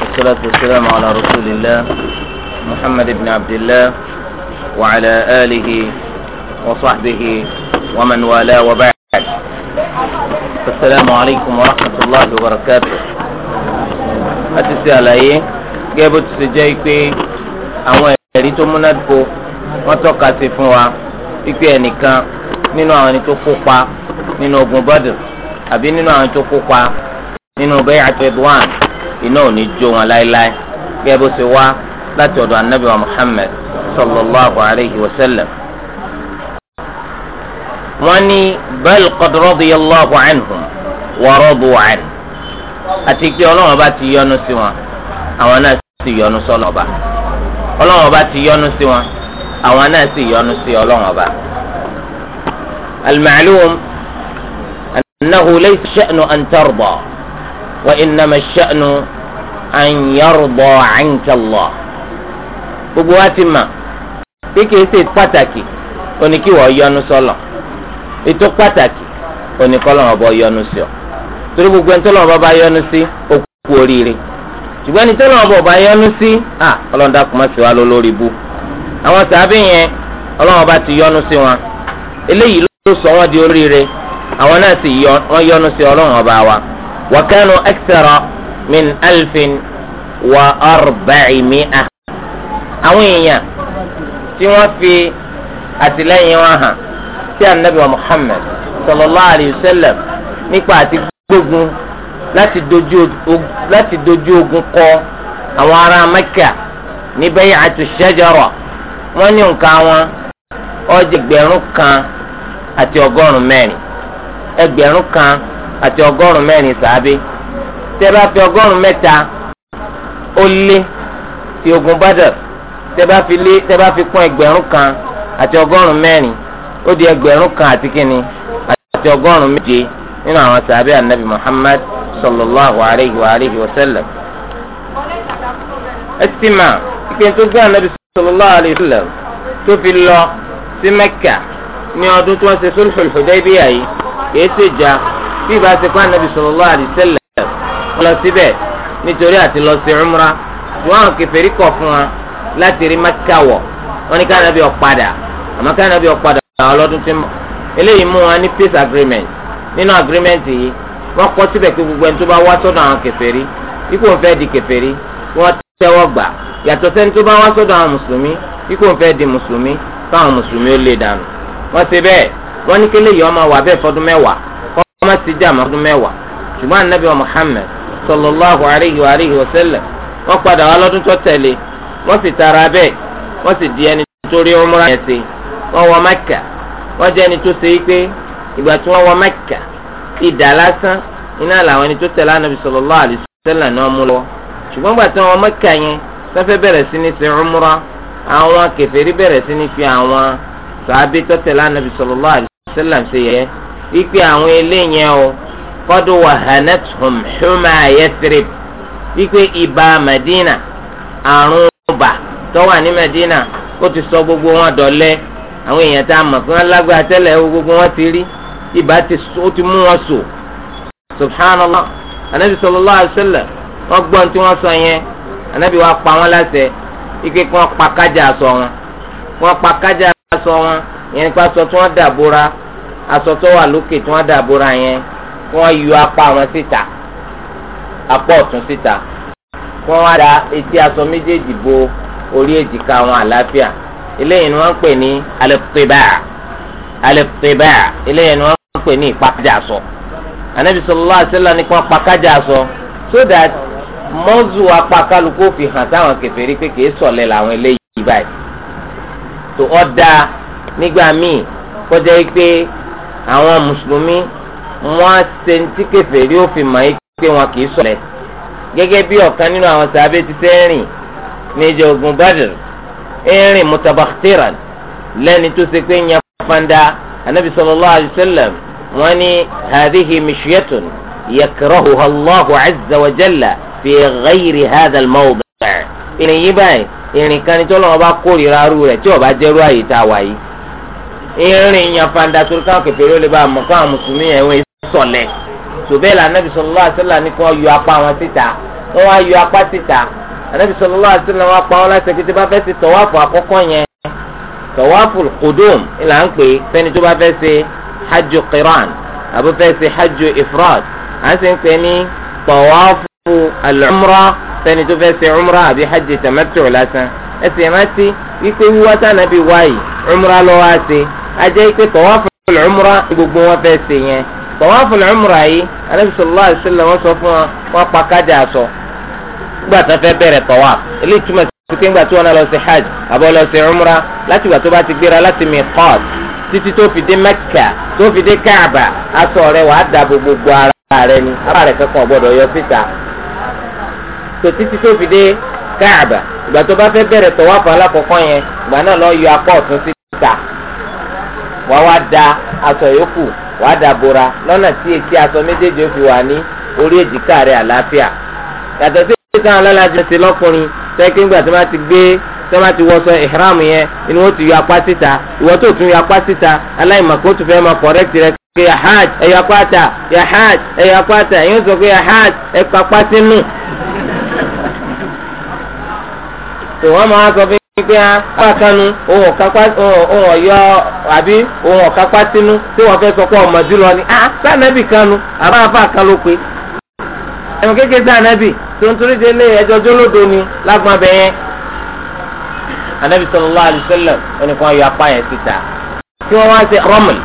والصلاة والسلام على رسول الله محمد بن عبد الله وعلى آله وصحبه ومن والاه وبعد السلام عليكم ورحمة الله وبركاته أتسأل أيه gẹ́gẹ́ bó ti ṣe jẹ́ pé àwọn ẹ̀rí tó múnádóko wọ́n tọ́ka sí fún wa wípé ẹnìkan àbí nínú àwọn tó kópa nínú bay'atu ridwan iná ò ní jó wọn láéláé gẹ́gẹ́ bó ṣe wá láti ọ̀dọ̀ anabi wa muhammed sallallahu alayhi wa sallam. wọ́n ní bal qad radiyallahu anhum wa radu anhu àti pé ọlọ́wọ́n bá ti yọ́nú sí wọn àwọn náà sì yọ́nú sọ́lọ́ ọba ọlọ́wọ́n bá ti yọ́nú sí wọn àwọn náà sì yọ́nú sí ọlọ́wọ́n ọba. al أنه ليس الشأن أن ترضى وإنما الشأن أن يرضى عنك الله gbogbo wa ti ma pé kìí ṣe pàtàkì oníkíwọ̀ yọ́nú sọ́lọ̀ ètò pàtàkì oníkọ́lọ̀ ọ̀bọ yọ́nú sí ọ torí gbogbo ẹni tọ́lọ̀ ọba bá yọ́nú sí ó kú oríire ṣùgbọ́n ẹni tọ́lọ̀ ọba ọba yọ́nú sí à ọlọ́run dákun má sí wa lọ lórí bu àwọn sàábì yẹn ọlọ́run ọba ti yọ́nú sí wọn eléyìí ló sọ wọ́n di oríire àwọn náà sì wọ́n yọ́nú sí ọlọ́run ọba wa wa kanu akthara min alfin wa arba'imi'a. àwọn èèyàn tí wọ́n fi àtìlẹ́yìn wọn hàn sí anabi wa muhammed sallallahu alayhi wa sallam nípa àti gbógun láti dojú ogun kọ àwọn ará mẹ́kà ní bay'atu shajara wọ́n ní nǹkan wọn ó ẹgbẹ̀rún kan àti ọgọ́rùn-ún mẹ́rin ẹgbẹ̀rún kan àti ọgọ́rùn mẹ́rin sàábé tẹ́ bá fi ọgọ́rùn mẹ́ta ó lé ti ogun Badr tẹ́ bá fi lé tẹ́ bá fi kún ẹgbẹ̀rún kan àti ọgọ́rùn mẹ́rin ó di ẹgbẹ̀rún kan àti kínní àti ọgọ́rùn méje nínú àwọn sàábé anabi Muhammad sallallahu alayhi wa alayhi wa sallam. ẹsìmà ike tó gbé anabi sallallahu alayhi wa sallam tó fi lọ sí Mẹ́kà ní ọdún tí wọ́n ṣe sulhul Hudaybiyah yìí kìí ṣèjà bí ìbá ṣe kọ́ ànábì sallallahu alaihi wasallam wọ́n lọ síbẹ̀ nítorí àti lọ sí umra ṣùgbọ́n àwọn kèfèrí kọ̀ fún wa láti rí Mẹ́kà wọ̀ wọ́n ní káànábì ọ̀padà àmọ́ káànábì ọ̀padà ọlọ́dún tí mọ̀ eléyìí mú wa ní peace agreement nínú agreement yìí wọ́n kọ́ síbẹ̀ pé gbogbo ẹni tó bá wá sọ́dọ̀ àwọn kèfèrí ikú òun fẹ́ di kèfèrí wọ́n tẹ́wọ́ gbà yàtọ̀ sẹ́ni tó bá wá sọ́dọ̀ àwọn mùsùlùmí ikú òun fẹ́ di mùsùlùmí káwọn mùsùlùmí ó lè dànù wọ́n ṣe bẹ́ẹ̀ wọ́n ní kele yìí ọmọ wà bẹ́ẹ̀ fọdún mẹ́wàá kọ́ ọmọ ti jẹ́ àmọ́ fọdún mẹ́wàá ṣùgbọ́n anabi wa muhammed sallallahu alayhi wa alayhi wa sallam wọ́n padà wá lọ́dún tó tẹ̀lé wọ́n sì tara bẹ́ẹ̀ wọ́n sì di ẹni tó rí umra yẹn ṣe wọ́n wọ mẹ́kà wọ́n jẹ́ ẹni tó ṣe é pé ìgbà tí wọ́n wọ mẹ́kà ìdá lásán iná làwọn ẹni tó tẹ̀lé anabi sallallahu alayhi wa sallam náà mú lọ ṣùgbọ́n gbà tí wọ́n wọ mẹ́kà yẹn sọ́fẹ́ bẹ̀rẹ̀ sí ní ṣe umra àwọn kèfèrí bẹ̀rẹ̀ sí ní fi àwọn sàábé tó tẹ̀lé anabi sallallahu alayhi sẹ́lẹ̀m ṣe yẹ wípé àwọn eléyẹn o kọ́dọ̀ wà hanatum huma yasrib wípé ibà madina àrùn ọba tó wà ní madina ó ti sọ gbogbo wọn dọ̀lẹ́ àwọn èèyàn tá a mọ̀ fún wọn lágbára gbogbo wọn ti rí ibà ti mú wọn sò subhanallah anabi sallallahu alaihi wasallam wọn gbọ́n tí wọ́n sọ yẹn anabi wa pa wọn láṣẹ ike kí wọ́n pa kájà sọ wọn wọ́n pa kájà sọ wọn ìyẹn nípa aṣọ tí wọ́n dàbora aṣọ tó wà lókè tí wọ́n dàbora yẹn kí wọ́n yọ apá wọn síta apá ọ̀tún síta kí wọ́n wá da etí aṣọ méjèèjì bo orí èjìká wọn àlàáfíà eléyìí ni wọ́n pè ní alẹ́pùtẹ́bà alẹ́pùtẹ́bà eléyìí ni wọ́n ń pè ní ìpàkájà aṣọ àṣẹlá ni kí wọ́n pàkájà so that mọ́zù apá kálukú fi hàn sáwọn kèfèrí pé kìí sọ̀lẹ̀ làwọn eléyìí báyìí tó ọ́ dáa nígbà míì kọjá yìí pé àwọn mùsùlùmí wọn á ṣe tí kèfèrí ó fi mọ̀ yìí pé wọn kì í sọ̀lẹ̀ gẹ́gẹ́ bí ọ̀kan nínú àwọn sàbẹ̀ ti fẹ́ rìn níjọ ogun Badr erin mutabakhtiran lẹ́ni tó ṣe pé ń fanda anabi sallallahu alayhi wa sallam wọ́n ní hadihi mishyatun yakrahuha allahu azza wa jalla fi ghayri hadha al ìrìn yìí báyìí ìrìn kan ní tọ́lọ́wọ́ kórìíra arú rẹ̀ tí ó bá jẹ́rú àyè tá a wáyé irin yan fanda torí káwọn kẹfẹẹrẹ lè bá a mọ kó àwọn mùsùlùmí yẹn wọn sọlẹ tòbẹ́ẹ̀lì anabi sallallahu alaihi wasallam ní kí wọ́n yọ apá wọn síta wọ́n wá yọ apá síta anabi sallallahu alaihi wọn pa wọn láti ṣe tí bá fẹ́ ṣe tọ́wáfù àkọ́kọ́ yẹn tọ́wáfù kudum ìlà ń pè fẹ́ni tó bá fẹ́ ṣe hajj qiran àbí fẹ́ ṣe hajj ifrad à ń sì ń pè ní tọ́wáfù al fẹ́ni tó fẹ́ ṣe umra àbí hajj tamattu lásán ẹ̀sìn rántí wípé wíwá sànàbí wáyì umra lọ́wọ́ á ajẹ́ pé tawaful umra gbogbo wọn fẹ́ ṣe yẹn tawaful umra yìí anabi sallallahu alaihi wasallam wọ́n sọ fún wọn wọ́n pa kájà sọ nígbà tó fẹ́ bẹ̀rẹ̀ tawaf eléyìí túmọ̀ sí pé ńgbà tó wọn lọ sí hajj àbọ̀ lọ sí umra láti ìgbà tó bá ti gbéra láti miqat títí tó fi dé mẹ́kà tó fi dé káàbà aṣọ rẹ̀ wàá dàbò gbogbo ara rẹ̀ ni ara rẹ̀ kankan wà wá da aṣọ yòókù wà á dàbora lọ́nà tí èké aṣọ méjèèjì ó fi wà ní orí èjìká rẹ̀ àlàáfíà yàtọ̀ sí èké sáwọn alálàájú ẹsẹ̀ lọ́kùnrin tẹ́kí ńgbà tí wọ́n ti gbé tí wọ́n ti wọṣọ ìhram yẹn ni wọ́n ti yọ apá síta ìwọ́n tó tún yọ apá síta aláìmọ̀kó tó fẹ́ máa kọ̀rẹ́kì rẹ̀ pé ya hajj ẹ̀yọ apáta ya hajj ẹ̀yọ apáta ẹ̀yọ sọ pé ya hajj ẹ̀kọ́ apá sínú. tò wọ́n máa sọ fún pípẹ́ apákanu ohun ọ̀yọ́ àbí ohun ọ̀kápá sínú tí wọ́n fẹ́ sọ pé ọmọ jùlọ ni ah sànẹ́bì kanu àbá àfa kan ló pe ẹ̀wọ̀n kékeré sànẹ́bì tó ń torí délé ẹjọ́ jólódo ni lágbọ́n abẹ yẹn anabi sallallahu alayhi wa sallam ẹnìkan ayọ apá yẹn síta tí wọ́n wá ṣe rọ́mùl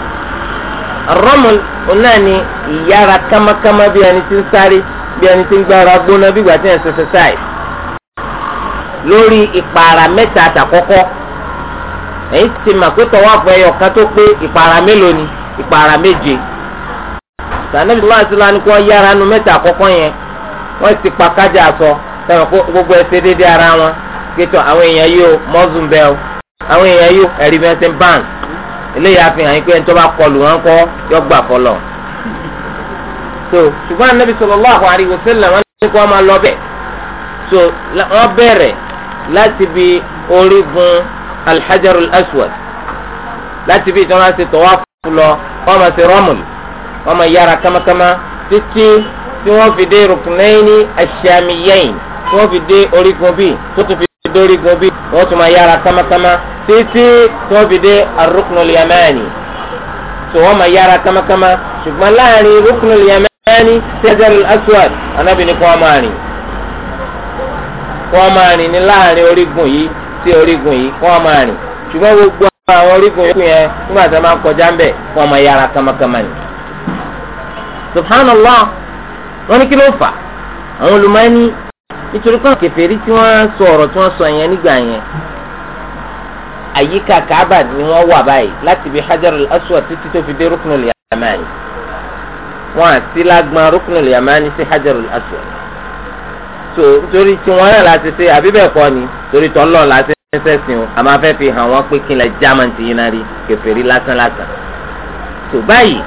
rọ́mùl ọ̀nà ni ìyára kámákámá bí ẹni tí ń sáré bí ẹni tí ń gbára gbóná bí ìgbà tí ẹ̀ ń ṣẹṣẹ sáì lórí ìpara mẹ́ta àtàkọ́kọ́ èyí ti mà pé tọwáfù ẹyọ kan tó pé ìpara mélòó ni ìpara méje sànẹ́bí lọ́wọ́ àti lánàá kí wọ́n yára nu mẹ́ta àkọ́kọ́ yẹn wọ́n ti pa kájà sọ sẹ́wọ̀n kó gbogbo ẹsẹ̀ dédé ara wọn kétọ̀ àwọn èèyàn yìí ó mọ́sùn bẹ́ẹ̀ o àwọn èèyàn yìí ó ẹ̀rí bẹ́ẹ̀ ṣe ń bàn eléyìí àfihàn yìí pé ẹni tó bá kọlù wọn kọ́ yọ gbà fọlọ̀ so ṣùgbọ́n anábì sallallahu alaihi wasallam wọn ní kí wọ́n máa lọ bẹ̀ so wọ́n bẹ̀rẹ̀ láti bi orígun alhajarul aswad láti bi ìtàn láti tọ́wá fún lọ wọ́n máa ṣe rọ́mùl wọ́n máa yára kámákámá títí tí wọ́n fi dé rukunaini aṣàmìyẹ́yìn tí wọ́n fi dé orígun bíi tó tún fi dé orígun bíi wọ́n tún máa yára kámákámá títí tí wọ́n fi dé arukunul yamani tó wọ́n máa yára kámákámá ṣùgbọ́n láàrin rukunul yamani sẹ́jẹ̀rì aswad anábìnrin kan máa rìn wọ́n máa rìn ní láàrin orígun yìí sí orígun yìí wọ́n máa rìn ṣùgbọ́n gbogbo àwọn orígun yòókù yẹn nígbà tí wọ́n máa kọjá ńbẹ̀ wọ́n máa yára kàmàkàmà ni. subhanallah wọ́n ní kí ló fà àwọn olùmọ́ni nítorí kan kèfèrí tí wọ́n sọ ọ̀rọ̀ tí wọ́n sọ yẹn nígbà yẹn àyíká kaaba ni wọ́n wà báyìí láti bí hajar aswad títí tó fi dé rukun yamani wọ́n àti lágbọn rukun al-yamani sí hajar aswad so nítorí tí wọ́n náà láti ṣe àbí bẹ́ẹ̀ kọ́ ni torí tọ́ lọ́ọ̀ láti ṣẹ́ṣẹ́ sìn o a máa fẹ́ fi hàn wọ́n pé kí n lẹ german ti yín náà rí kèfèrí lásán lásán so báyìí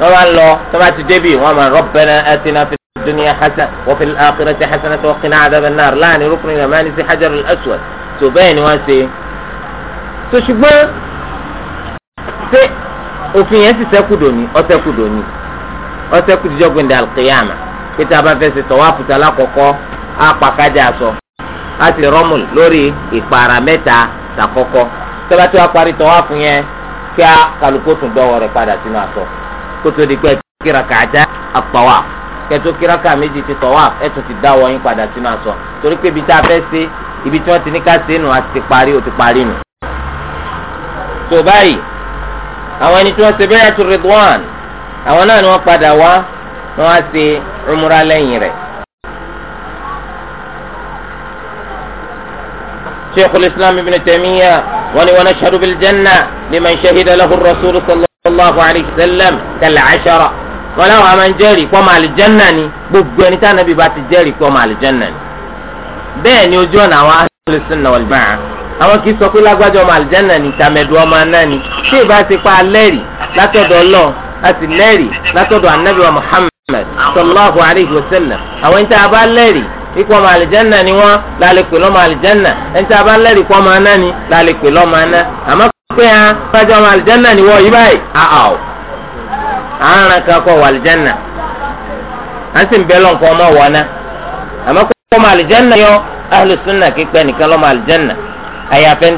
wọ́n bá lọ tó bá ti débi wọ́n máa rabbana atina fi dunya hasana wa fil akhirati hasana wa qina adhaban nar láàrin rúkúnrin rẹ̀ máa sí hajar al-aswad bẹ́ẹ̀ ni wọ́n ṣe so ṣùgbọ́n ṣé òfin yẹn ti ṣẹ́kù dòní ọ̀ṣẹ́kù dòní ọ̀ṣẹ́kù dìjọ́gbìn pété abáfẹ́sẹ̀ tọ́wọ́ àfùtà lákọ̀ọ́kọ́ apàkájà aṣọ láti rọ́mùl lórí ìpara mẹ́ta tàkọ́kọ́ tẹ́lá tí wàá parí tán wá fún yẹn kí a kálukó tún dọ́wọ́ rẹ̀ padà sínú aṣọ kó tó di pé kíra kàjá àpàwà kẹtó kíra kà méjì ti tọ̀wà ẹ̀ tún ti dáwọ́ yín padà sínú aṣọ torí pé ibi tá a fẹ́ ṣe ibi tí wọ́n ti ní ká ṣe é nù àti ti parí ó ti parí nù. tó báyìí àwọn ẹni tí wọ́n ṣe bẹ́ẹ̀ tó Ridwan àwọn náà ni wọ́n padà wá wọ́n á ṣe umra lẹ́yìn rẹ̀. شيخ الإسلام ابن تيمية ونشهد بالجنة لمن شهد له الرسول صلى الله عليه وسلم كالعشرة ولو أمن جاري قوم على الجنة بقوة نتانا ببات الجاري قوم على الجنة bẹ́ẹ̀ ni ojú ọ̀nà àwọn ahlẹ̀ sunna wal jamaa àwọn kì í sọ pé lágbájọ́ ọmọ àlìjáná ni tàmẹ̀dù ọmọ aná ni tí ìbá ti pa alẹ́rì látọ̀dọ̀ ọlọ́run láti lẹ́rì látọ̀dọ̀ anábìwá muhammed sallallahu alayhi wa sallam àwọn ìta abá lẹ́rì ikú ọmọ àlìjẹ́nà ni wọ́n lálẹ́ pè lọ́mọ àlìjẹ́nà ẹni tí a bá ń lẹ́rìí kú ọmọ aná ni lálẹ́ pè lọ́mọ aná àmọ́ pé hàn bájọ́ ọmọ àlìjẹ́nà ni wọ́n yí báyìí àhàó àárán kan kọ́ wọ àlìjẹ́nà à ń sì ń bẹ́ lọ́n ọmọ wọn àmọ́ pé ọmọ àlìjẹ́nà yọ ahlùsùnà kípẹ́ nìkan lọ́mọ àlìjẹ́nà àyàfẹ́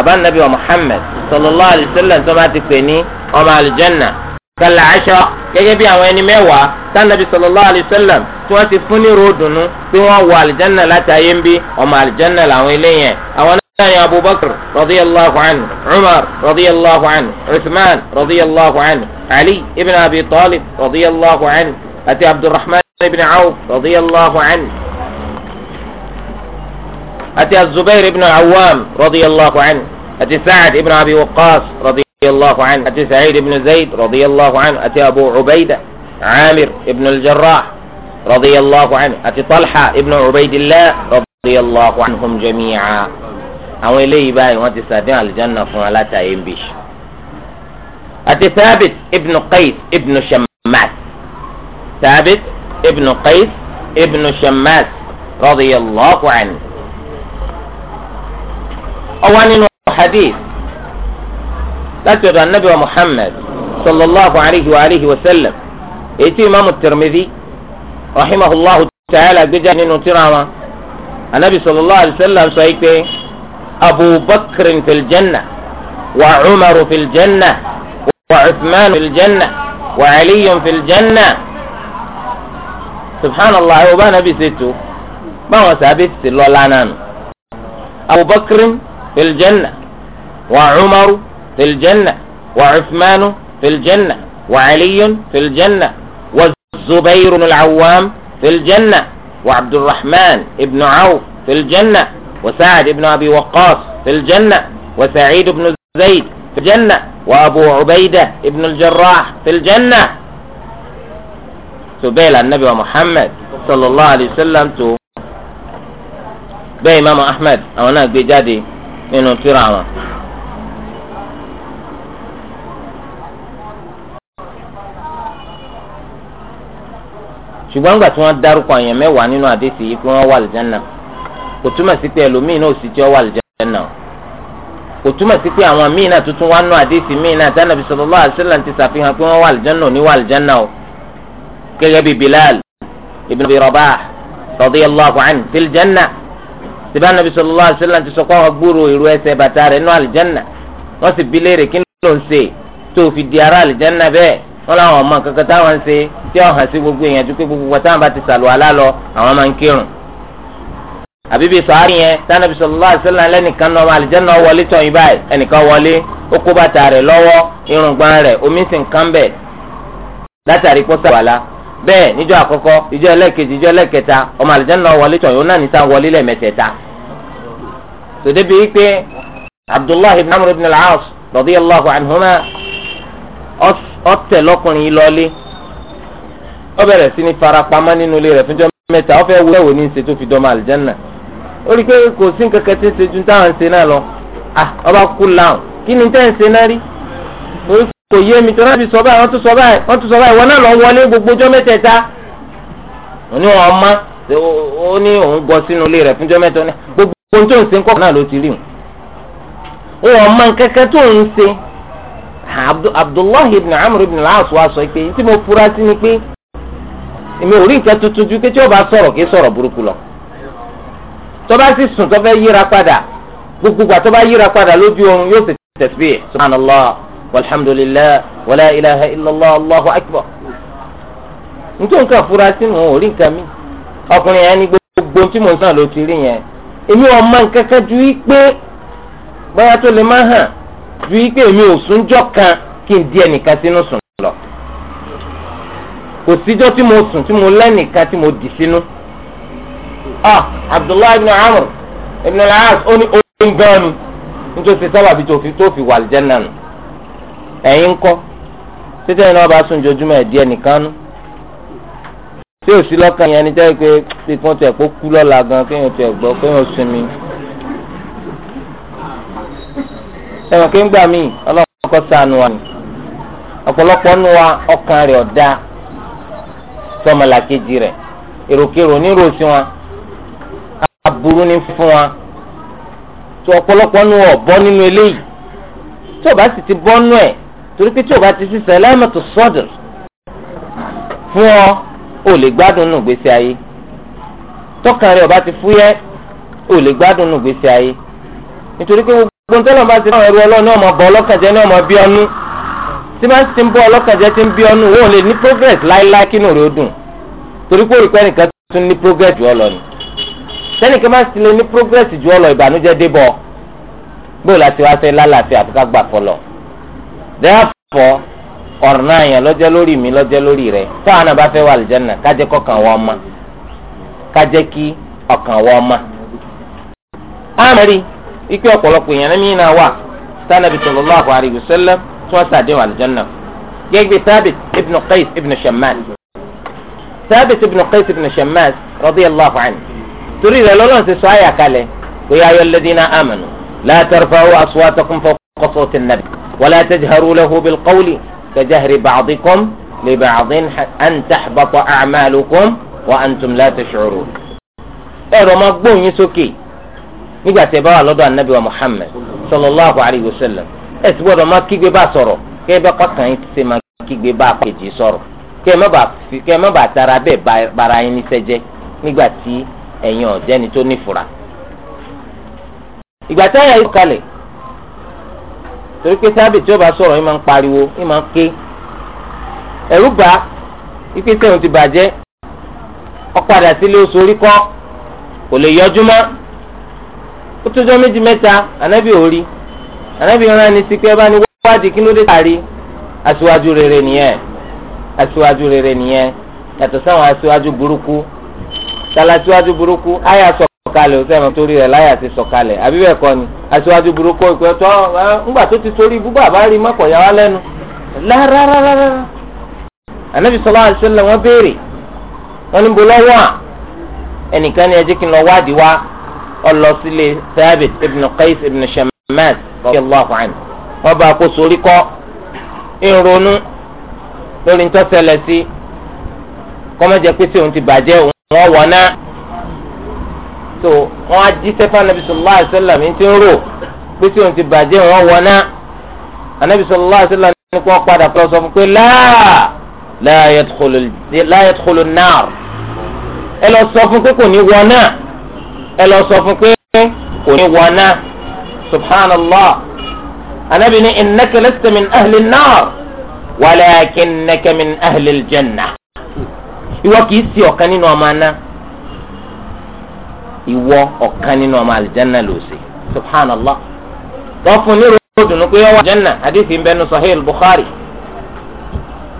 àbánabi wa Muhammad sallallahu alaihi wasallam pè ní ọmọ àlìjẹ́nà kàlà aṣọ gẹ́gẹ́ bí àwọn ẹni mẹ́wàá sanabi sallallahu alayhi wa sallam tí wọ́n ti fún ní ròdùnú pé wọ́n wọ àlìjánná láti ayé ń bí ọmọ àlìjánná làwọn eléyẹn àwọn náà ni abubakar radiyallahu anhu umar radiyallahu anhu usman radiyallahu anhu ali ibn abi talib radiyallahu anhu àti abdulrahman ibn awf radiyallahu anhu àti azubair ibn awam radiyallahu anhu àti saad ibn abi waqas radiyallahu anhu. الله عنه أتي سعيد بن زيد رضي الله عنه أتي أبو عبيدة عامر بن الجراح رضي الله عنه أتي طلحة بن عبيد الله رضي الله عنهم جميعا أو إليه باي وأتي سادين الجنة فلا تأيم بيش أتي ثابت بن قيس بن شماس ثابت بن قيس بن شماس رضي الله عنه أولا حديث تتبع النبي محمد صلى الله عليه وآله وسلم ايتي امام الترمذي رحمه الله تعالى بجان نترامة النبي صلى الله عليه وسلم سيكي أبو بكر في الجنة وعمر في الجنة وعثمان في الجنة وعلي في الجنة سبحان الله أبو نبي ستو ما هو سابت الله لعنان أبو بكر في الجنة وعمر في الجنة وعثمان في الجنة وعلي في الجنة والزبير بن العوام في الجنة وعبد الرحمن بن عوف في الجنة وسعد بن أبي وقاص في الجنة وسعيد بن زيد في الجنة وأبو عبيدة بن الجراح في الجنة سبيل النبي ومحمد صلى الله عليه وسلم تو بين إمام أحمد أو أنا بجادي من ترى ṣùgbọ́n gbà tí wọ́n dárúkọ àyàn mẹ́wàá nínú àdéhùn yìí pé wọ́n wà lìjánà kò túmọ̀ sí pé ẹlòmíì náà ò sì jẹ́ wà lìjánà kò túmọ̀ sí pé àwọn míì náà tuntun wá nú àdéhùn míì náà tánàbí sallallahu alaihi wasallam ti ṣàfihàn pé wọ́n wà lìjánà ní wà lìjánà o gẹ́gẹ́ bíi Bilal ibn Abi Rabah radiyallahu anhu fil janna síbá sọ pé gbúrò ìrú ẹsẹ̀ bàtà rẹ̀ nú àlìjánà wọ́n sì bi kí ló ń ṣe tó fi di ará àlìjánà bẹ́ẹ̀ wọn làwọn ọmọ kankan táwọn ń ṣe tí wọn hàn sí gbogbo èèyàn tó pé gbogbo wọn táwọn bá ti sàlù alá lọ àwọn máa ń kírun. àbíbi sọ́hárì yẹn tánàbí sallallahu alaihi wasallam lẹ́nìkan náà wà àlìjẹ́nà wọlé tán yìí báyìí ẹnìkan wọlé ó kó bàtà rẹ̀ lọ́wọ́ irùngbọ̀n rẹ̀ omi sì ń kán bẹ̀ látàrí pọ́ sàlù alá bẹ́ẹ̀ níjọ́ àkọ́kọ́ ìjọ́ ẹlẹ́kejì ìjọ́ ẹlẹ́kẹta ọmọ ọ̀tẹ̀ lọ́kùnrin yìí lọ́lé ó bẹ̀rẹ̀ sí ní farapamọ́ nínú ilé rẹ̀ fúnjọ́ mẹ́ta ó fẹ́ wo ẹ̀wò ní ìṣe tó fi dọ́mọ àlìjánà ó rí i pé kò sí nǹkan kan tí ń ṣe ju táwọn ń ṣe náà lọ à ah, ọba kú làwọn kí ni tẹ́ ń ṣe náà rí orí kò yé mi tó láti sọ báyìí wọ́n tún sọ báyìí wọ́n tún sọ báyìí wọ́n náà lọ wọlé gbogbo ọjọ́ mẹ́tẹ̀ẹ̀ta òní wọn má ó ní òun gbọ́ sínú ilé rẹ̀ fúnjọ́ mẹ́ta gbogbo ohun tó ń ṣe ń kọ́ náà ló ti rí òun òun mọ nǹkan tó ń ṣe abdullahi ibn amr ibn al-as wa sọ pé tí mo fura sí ni pé èmi ò rí nǹkan tuntun ju pé tí ó bá sọ̀rọ̀ kí sọ̀rọ̀ burúkú lọ tó bá sì sùn tó fẹ́ yíra padà gbogbo gbà tó bá yíra padà lójú oorun yóò sì tasbih subhanallah walhamdulillah wala ilaha illallah allahu akbar nítorí nǹkan fura sí nu ò rí nǹkan mi ọkùnrin yẹn ní gbogbo tí mo ń sàn ló ti rí yẹn èmi ò mọ nǹkan kan ju pé bóyá tó lè má hàn ju wípé mi ò súnjọ́ kan kí n di ẹnìkan sínú sùn lọ kò síjọ́ tí mo sùn tí mo lẹ́nìkan tí mo dì sínú. ah abdullahi ibn amr ibn al-as ó ní oyin gan ni nítorí sábàbí tó fi tó fi wà lìjẹ́nà nù ẹ̀yin ń kọ́ títí ẹni náà bá sùn jojúmọ́ ẹ̀ díẹ̀ nìkan nù tí ò sí lọ́kàn yẹn ni jẹ́ pé pípọ́n tẹ̀ kó kú lọ́la gan kéèyàn tẹ̀ gbọ́ kéèyàn sinmi. ẹ̀wọ̀n kí ń gbà mí ọlọ́run kọ́ sànù wa ni ọ̀pọ̀lọpọ̀ nu wa ọkàn rẹ̀ ọ̀dá sọmọlàkejì rẹ̀ èròkèrò nírò sí wọn aburú ní fún wa tó ọ̀pọ̀lọpọ̀ nu ọ̀ bọ́ nínú eléyìí tí o bá sì ti bọ́ nú ẹ̀ torí pé tí o bá ti sí sẹ́lẹ́mẹ̀tò sọ́dọ̀ fún ọ ò lè gbádùn nù gbèsè ayé tọkàn rẹ̀ ọba ti fúyẹ́ ò lè gbádùn nù gbèsè ayé nítorí pé gbogbo tọ́lọ̀ bá ti fún ẹrú ọlọ́run náà mọ̀ bọ́ ọlọ́kàjẹ́ náà mọ̀ bí ọnú tí bá ti ń bọ́ ọlọ́kàjẹ́ ti ń bí ọnú wọn ò lè ní progress láéláé kínú rẹ̀ ó dùn torí pé òrùka ẹnìkan tún ní progress jù ọ lọ ni sẹ́nìkan bá ti lè ní progress jù ọ lọ ìbànújẹ́ débọ̀ bó la ti wá sẹ́ lálàáfíà àbúká gbà fọlọ̀ therefore ọ̀ràn àyàn lọ́jọ́ lórí mi lọ́jọ́ lórí rẹ̀ táwọn náà bá fẹ́ wà àlùjánnà kájẹ́ kọ́kàn wọ́n ma ikpe ọ̀pọ̀lọpọ̀ èèyàn mí náà wà sanabi sallallahu alayhi wa sallam tí wọ́n sàdéhùn àlùjánná gẹ́gẹ́ Thabit ibn Qais ibn Shammas Thabit ibn Qais ibn Shammas radiyallahu anhu torí rẹ̀ lọ́lọ́run ti sọ àyà kalẹ̀ kò ya lẹdí ladhina amanu la tarfa'u aswatakum fawqa sawti an-nabi wa la tajharu lahu bil qawli كجهر بعضكم لبعض أن تحبط أعمالكم وأنتم لا تشعرون ẹ̀rọ máa gbóhùn yín sókè nígbà tí ẹ bá wà lọ́dọ̀ anabi wa muhammed sallallahu alayhi wa sallam ẹ sì gbọ́dọ̀ máa kígbe bá sọ̀rọ̀ kẹ́ ẹ bá kọ́kàn yín ti ṣe máa kígbe bá kejì sọ̀rọ̀ kẹ́ ẹ má bàa tara bẹ́ẹ̀ bara yín níṣẹ́ jẹ́ nígbà tí ẹ̀yin ọ̀jẹ́ni tó nífura. ìgbà tí àyà yìí kalẹ̀ torí pé sábì tí ó bá sọ̀rọ̀ yín máa ń pariwo yín máa ń ké ẹ̀rú bá ipe sẹ́yìn ti bàjẹ́ ọ̀padà sílé oṣù orí kọ́ kò ó tójọ́ méjì mẹ́ta ànábì òrí ànábì rán ni sí pé ẹ bá ní wádìí kí ló dé tàrí aṣíwájú rere nìyẹn aṣíwájú rere nìyẹn yàtọ̀ sáwọn aṣíwájú burúkú tala aṣíwájú burúkú àyà sọ̀kalẹ̀ ó sẹ́wọ̀n torí rẹ̀ láyà ti sọ̀kalẹ̀ àbí bẹ́ẹ̀ kọ́ ni aṣíwájú burúkú ìpẹ́ tó ńgbà tó ti torí ibú bàbá rí mọ́kọ̀ yà wá lẹ́nu lárárárá ànábì sallallahu béèrè wọ́n ní bolọ́wọ́ à ẹnìkan ni ẹ jẹ́ kí n ọlọsílẹ̀ Thabit ibn Qais ibn Shammas radiyallahu anhu wọ́n bá kó sórí kọ́ ìrònú lórí ntọ́sẹ̀lẹ̀ sí kọ́mọ́jẹ́ pé tí òun ti bàjẹ́ òun wọ́n wọ̀ náà tó wọ́n á jí sẹ́fà nàbì sallallahu alaihi wasallam ti ń rò pé tí òun ti bàjẹ́ òun wọ̀ náà ànàbì sallallahu alaihi ní kó padà kọ́ sọ fún pé láà la yadkhulun nar ẹ lọ sọ fún pé ní wọ̀ náà ẹ lọ sọ fún pé kò ní wọná subhanallah anabi ni innaka lasta min ahli an-nar walakinnaka min ahli al-janna ìwọ kìí sí ọ̀kan nínú ọmọ aná ìwọ ọ̀kan nínú ọmọ aljanna ló ṣe subhanallah wọ́n fún ní ròdùnú pé ọwọ́ aljanna hadithi ń bẹnu sahih bukhari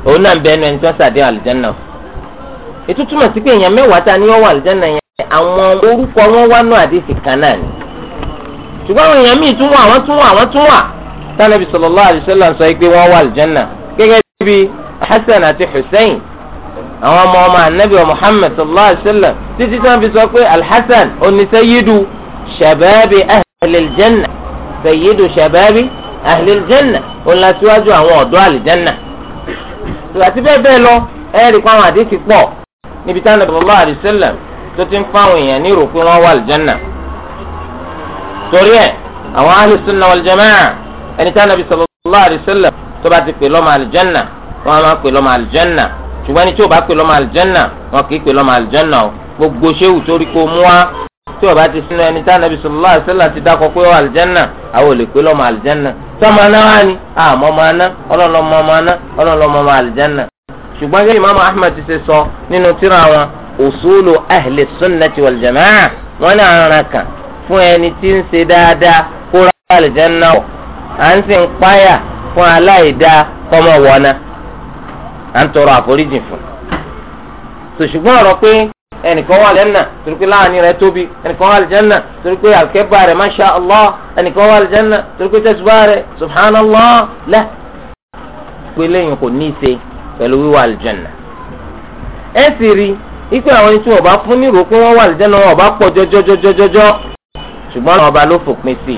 òun náà ń ẹni tó ń sàdé aljanna ètùtù mọ̀ sí pé èèyàn mẹ́wàá ta ni wọ́n wà aljanna yẹn àwọn orúkọ wọn wá náà àdéhìí kan náà ni ṣùgbọ́n àwọn èèyàn míì tún wà àwọn tún wà àwọn tún wà tánàbí sallallahu alaihi wasallam sọ pé wọ́n wà àlùjánà gẹ́gẹ́ bí Hasan àti Hussein àwọn ọmọ ọmọ anabi Muhammad sallallahu alaihi wasallam títí tán fi sọ pé alhassan oni sayyidu shababi ahlil janna sayyidu shababi ahlil janna òun la síwájú àwọn ọ̀dọ́ àlùjánà àti bẹ́ẹ̀ bẹ́ẹ̀ lọ ẹ̀ẹ́dì kan àdéhìí pọ̀ níbi tánàbí sallallahu alaihi wasallam tó ti ń fáwọn èèyàn ní ìrò pé wọ́n wà àlùjánà torí ẹ̀ àwọn ahlu sunna wal jamaa ẹni tí Ànábì sallallahu alaihi wasallam tó bá ti pè lọ́mọ àlùjánà wọ́n á máa pè lọ́mọ àlùjánà ṣùgbọ́n ẹni tí ò bá pè lọ́mọ àlùjánà wọn kì í pè lọ́mọ àlùjánà o gbogbo ṣéwù torí kó mú wa tí o bá ti sinú ẹni tí anabi sọlá àṣẹlá ti dákọ pé ó aljanna àwọn ò lè pé lọ́mọ aljanna sọmọ náà wá ní usulu ahli sunnati wal jamaa wọn ní àrùn kan fún ẹni tí ń ṣe dáadáa kó rà àlùjánnà wọ̀ à ń sì ń páyà fún aláìdá kọ́mọ wọ̀nà à ń tọrọ àforíjì fún ṣùgbọ́n ọ̀rọ̀ pé ẹnìkan wà lẹ́nà torí pé láàánú rẹ̀ tóbi ẹnìkan wà lẹ́nà torí pé àkẹ́bà rẹ̀ masha allah ẹnìkan wà lẹ́nà torí pé tẹ̀síwá rẹ̀ subhanallah lẹ́ pé lẹ́yìn kò ní í ṣe pẹ̀lú wíwà àlùjánnà ẹ̀ sì rí i ikú àwọn ẹni tí wọn bá fún nírò pé wọn wà lẹ́jẹ̀nà wọn bá pọ̀ jọjọjọjọjọ ṣùgbọ́n àwọn ọba ló fòpin sí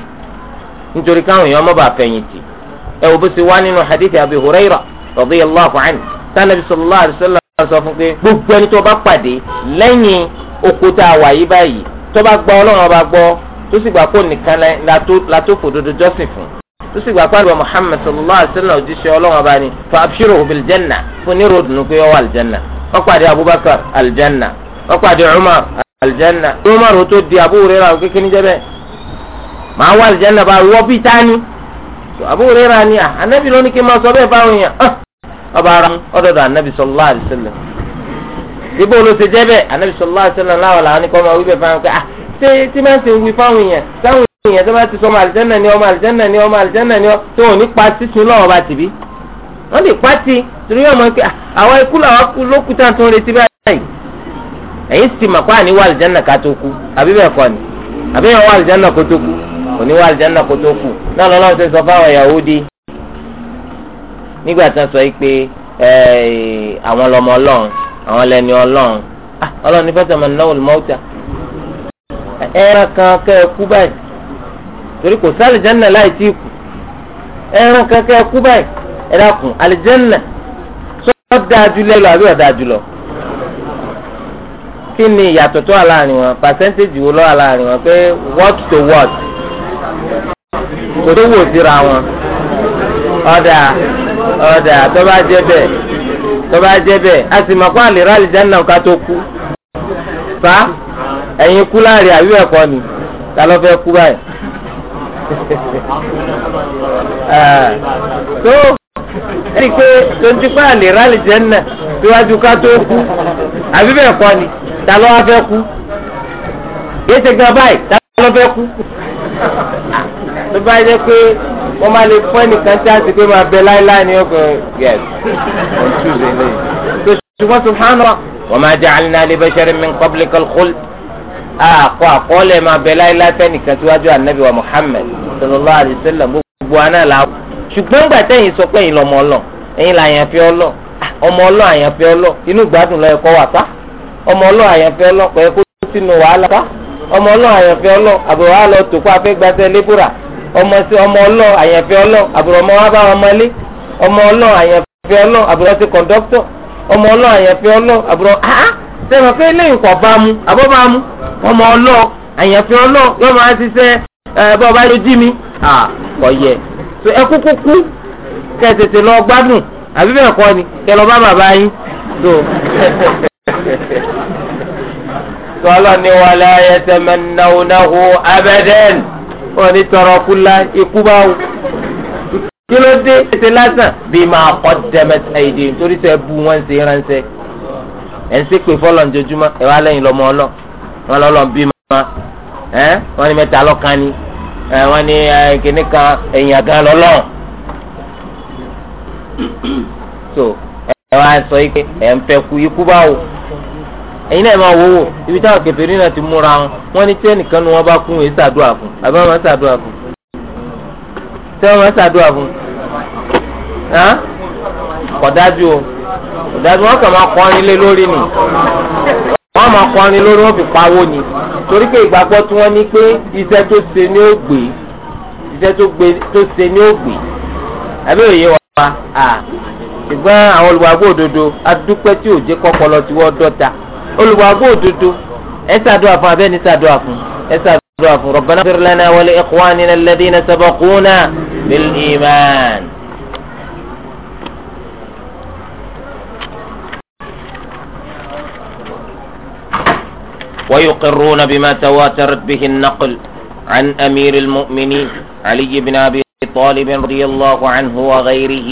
nítorí káwọn èèyàn mọba fẹ̀yìntì ẹ wò bó ṣe wá nínú hadith abi huraira radiyallahu anhu tánàbí sallallahu alaihi wasallam sọ fún pé gbogbo ẹni tó bá pàdé lẹ́yìn òkúta àwà yìí báyìí tó bá gbọ́ ọlọ́run ọba gbọ́ tó sì gbà pé nìkan la tó fòdodo jọ́sìn fún tó sì gbà pé àlùbọ̀ muhammed sallallahu alaihi wasallam òjíṣẹ́ ọlọ́run ọba ni fa abshiru bil janna fún ní ròdùnú pé ó wà al ó pàdé Abubakar aljanna ó pàdé Umar aljanna Umar tó di Abu Hurairah kékeré níjẹbẹ màá wá aljanna bá wọ bí tání Abu Hurairah ni anabi ah, lóni kí n máa sọ bẹ́ẹ̀ báwọn yẹn ah, ọba ara ọdọdọ anabi sallallahu alaihi wasallam ibo ló ti jẹbẹ anabi sallallahu alaihi wasallam láwọn làwọn ni kọ́ máa wí bẹ́ẹ̀ fáwọn pé ah ṣé tí máa ń ti wí fáwọn yẹn táwọn yẹn tó bá ti sọ ọmọ aljanna ni ọmọ aljanna ni ọmọ aljanna ni ọ tó ò ní pa sísun lọ́wọ́ bá ti bí wọ́n lè pati torí wọ́n mọ̀ pé ah, àwọn ikú làwọn kú ló kú tá à ń tún retí báyìí ẹ̀yin sì mà pa ní wà àlìjáná ká tó kú àbí bẹ́ẹ̀ kọ́ ni àbí yẹn wà àlìjáná kó tó kú òní wà àlìjáná kó tó kú náà lọ́lọ́run ti sọ fáwọn Yahudi nígbà tí wọ́n sọ yìí pé àwọn lọ́mọ ọlọ́run àwọn lẹ́ni ọlọ́run ah, ọlọ́run ní fẹ́sẹ̀ náà olùmọ́ọ́tà ẹran kan kẹ́ kan kẹ́ ẹ ẹ dákun àlìjẹ́nà sọ dáa jùlọ lọ àbí ọ̀dáa jùlọ kí ni ìyàtọ̀ tó wà láàrin wọn pàṣẹ́ntéèjì wo ló wà láàrin wọn pé what to word, kò tó wò síra wọn ọ̀dà ọ̀dà tó bá jẹ́ bẹ́ẹ̀ tó bá jẹ́ bẹ́ẹ̀ a sì mọ̀ pé àlèrè àlìjánà ká tó kú fa ẹ̀yin kú láàrin àbí ẹ̀kọ́ ni ta ló fẹ́ kú báyìí. tó ẹni pé tonti pé àlè rálì jẹ́nà síwájú ká tó kú àbí bẹ́ẹ̀ kọ́ ni ta ló wá fẹ́ kú yé ṣe gan báyìí ta ló fẹ́ kú tó bá yẹ pé wọ́n máa lè fún ẹnìkan tí a ti pé máa bẹ láéláé ni ó kọ yẹs on tuesday lẹ́yìn. tó ṣùgbọ́n subhanallah wa ma ja'alna li basharin min qablikal khuld àkọ́ àkọọ́lẹ̀ máa bẹ láéláé fẹ́ nìkan síwájú wa muhammed sallallahu alayhi wa sallam gbogbo ṣùgbọ́n gbà tẹ́yìn sọ pé ẹ̀yin lọ́mọ ọlọ́ ẹ̀yin làyànfẹ́ ọlọ́ ah, ọmọ ọlọ́ àyànfẹ́ ọlọ́ inú gbádùn lọ́yẹ kọ́ wà pa ọmọ ọlọ́ àyànfẹ́ ọlọ́ pẹ̀lú kó sínú wàhálà pa ọmọ ọlọ́ àyànfẹ́ ọlọ́ àbúrò wa lọ tòkó afẹ́gbàsẹ́ lébùrà ọmọ sí ọmọ ọlọ́ àyànfẹ́ ọlọ́ àbúrò ọmọ wa bá wọn mọ́lé ọmọ ọlọ́ àyànfẹ́ ọlọ́ àbúrò ti kọ̀ńdọ́kítọ̀ ọmọ ọlọ́ àyànfẹ́ ọlọ́ àbúrò áá sẹ́wọ̀n pé lẹ́yìn kọ̀ bá mu àbọ̀ bá mu ọmọ ọlọ́ àyànfẹ́ ọlọ́ yọ so ẹ kúkú kú kẹ tètè lọ gbádùn àbí bẹ́ẹ̀ kọ́ ni kẹ lọ bá bàbá yín tó. sọlọ ni wàlẹ́ ayẹtẹ̀mẹ̀ náwó abẹ́dẹ́n wọn ni tọrọ kú la ikú bá wù. kí ló dé ètè lásán bí máa kọ́ dẹ́mẹ̀ ṣàyèdè nítorí sẹ́ bu wọn ṣe ránṣẹ́ ẹ̀ ń sèpè fọlọ́ njojúmọ́ ẹ̀ wá lẹ́yìn lọ́mọ ọlọ́ wọn lọ́lọ́ bí ma ẹ̀ wọ́n ni mẹ́ta lọ́kàn ni ẹ wọn ní kíní kan èèyàn gan lọ́lọ́run so ẹ wá sọ yìí pé ẹ ń fẹ́ ku ikú báwo ẹ̀yin náà máa wọwọ ibi táwọn kèfèrí náà ti múra wọn wọn ní tẹnìkan ni wọn bá kún èyí ṣàdúrà fún àbí wọn máa ṣàdúrà fún tẹ wọn máa ṣàdúrà fún kọdájú o kọdájú wọn kàn máa kọrin lé lórí ni wọ́n máa kọrin lórí wọ́n fi pawó ni torí pé ìgbàgbọ́ tí wọ́n ní pé iṣẹ́ tó ṣe ni ó gbé iṣẹ́ tó ṣe ni ó gbé àbí òye wa à ṣùgbọ́n àwọn olùwàgbọ́ òdodo adúpẹ́ tí ò jẹ́ kọ́kọ́lọ́ tí wọ́n dọ́ta olùwàgbọ́ òdodo ẹ ṣàdúrà fún abẹ́ni ṣàdúrà fún ẹ ṣàdúrà fún rabbana ighfir lana wa li ikhwanina alladhina sabaquna bil iman. ويقرون بما تواترت به النقل عن أمير المؤمنين علي بن أبي طالب رضي الله عنه وغيره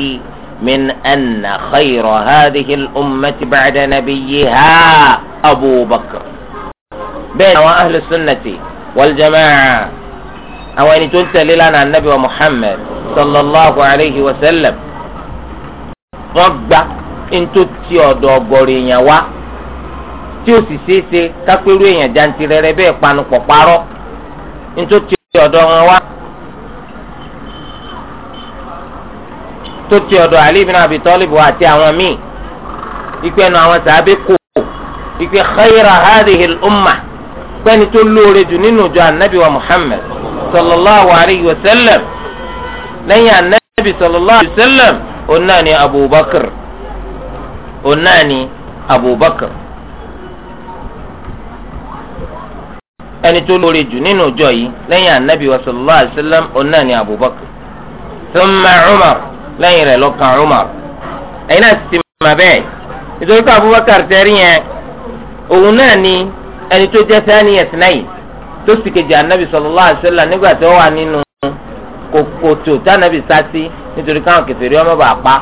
من أن خير هذه الأمة بعد نبيها أبو بكر بين وأهل السنة والجماعة أو أن تنتهي عن النبي ومحمد صلى الله عليه وسلم رب إن تتيو دوغورين tí ó sì ṣeé ṣe kápẹ́rú èèyàn jantirẹrẹ bẹ́ẹ̀ panupọ̀ parọ́ nítorí tí ọ̀dọ̀ wọn wá tó ti ọ̀dọ̀ Ali ibn Abi Talib àti àwọn míì ìpè nu àwọn sàábé kò ìpè khayra hadhihi al-umma pẹ́ni tó lóore jù nínú ìjọ anabi wa Muhammad sallallahu alayhi wa sallam lẹ́yìn anabi sallallahu alayhi wa sallam ọ̀nà Abubakar ọ̀nà Abubakar. ẹni tó lóore jù nínú ọjọ́ yìí lẹ́yìn anabi wa sallallahu alayhi wa sallam ọ̀nà ni abubakar thumma umar lẹ́yìn rẹ̀ lọ́kàn umar ẹ̀yin náà ti mà bẹ́ẹ̀ nítorí pé abubakar tẹ́rí yẹn òun náà ni ẹni tó jẹ́ sani ẹ̀sìnáyì tó sì kejì anabi sallallahu alayhi wa sallam nígbà tó wà nínú kòkòtò tànàbì sásí nítorí káwọn kẹfẹ́rẹ́ ọmọ bàá pa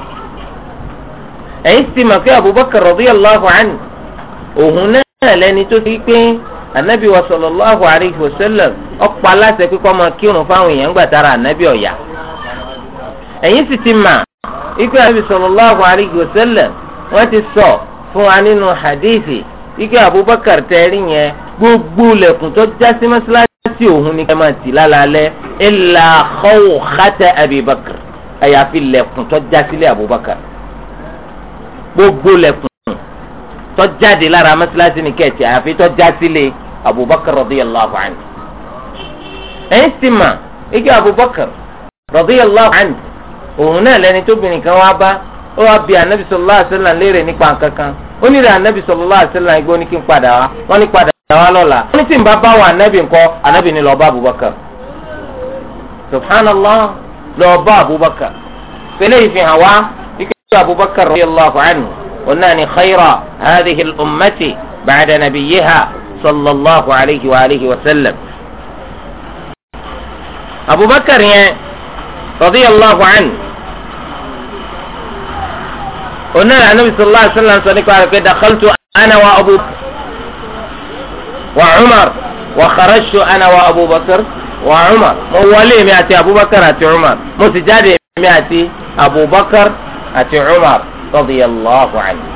ẹ̀yin ti mà pé abubakar radiyallahu anhu náà lẹ́ni tó ti pé anabi wa sallallahu alayhi wa sallam ọ̀pọ̀ aláṣẹ kíkọ́ máa kírun fáwọn èèyàn gbà tara anabi ọ̀yà ẹ̀yin sì ti mà ikú anabi sallallahu alayhi wa sallam wọ́n ti sọ fún wa nínú hadithi ikú abubakar tẹ́rí yẹn gbogbo lẹ́kùn tó já sí mọ́sálásí òun ni ká máa tì lálálẹ́ ilà kọ́wò xátẹ́ abibakar àyàfi lẹ́kùn tó já sílẹ̀ abubakar gbogbo lẹ́kùn tó jáde lára mọ́sálásí ní kẹ̀tì àfi tó já sílé Abubakar radiyallahu anhu. ẹ̀yin sì mà igi Abubakar radiyallahu anhu òun náà lẹni tóbìnrin kan wá bá ó wá bi anabi sallallahu alaihi wasallam léèrè nípa nǹkan kan ó ní rẹ anabi sallallahu alaihi wasallam igbó ní kí n padà wá wọn ní padà wá lọ́la wọn ní tí n bá bá wọn anabi ńkọ́ anabi ni lọ bá Abubakar subhanallah lọ bá Abubakar fẹlẹ́ ìfihàn wá ike Abubakar radiyallahu anhu. قلنا أن خير هذه الأمة بعد نبيها صلى الله عليه وآله وسلم أبو بكر رضي الله عنه قلنا النبي صلى الله عليه وسلم صلى الله عليه دخلت أنا وأبو وعمر وخرجت أنا وأبو بكر وعمر موليم يأتي أبو بكر أتي عمر مسجد يأتي أبو بكر أتي عمر radiyallahu anhu.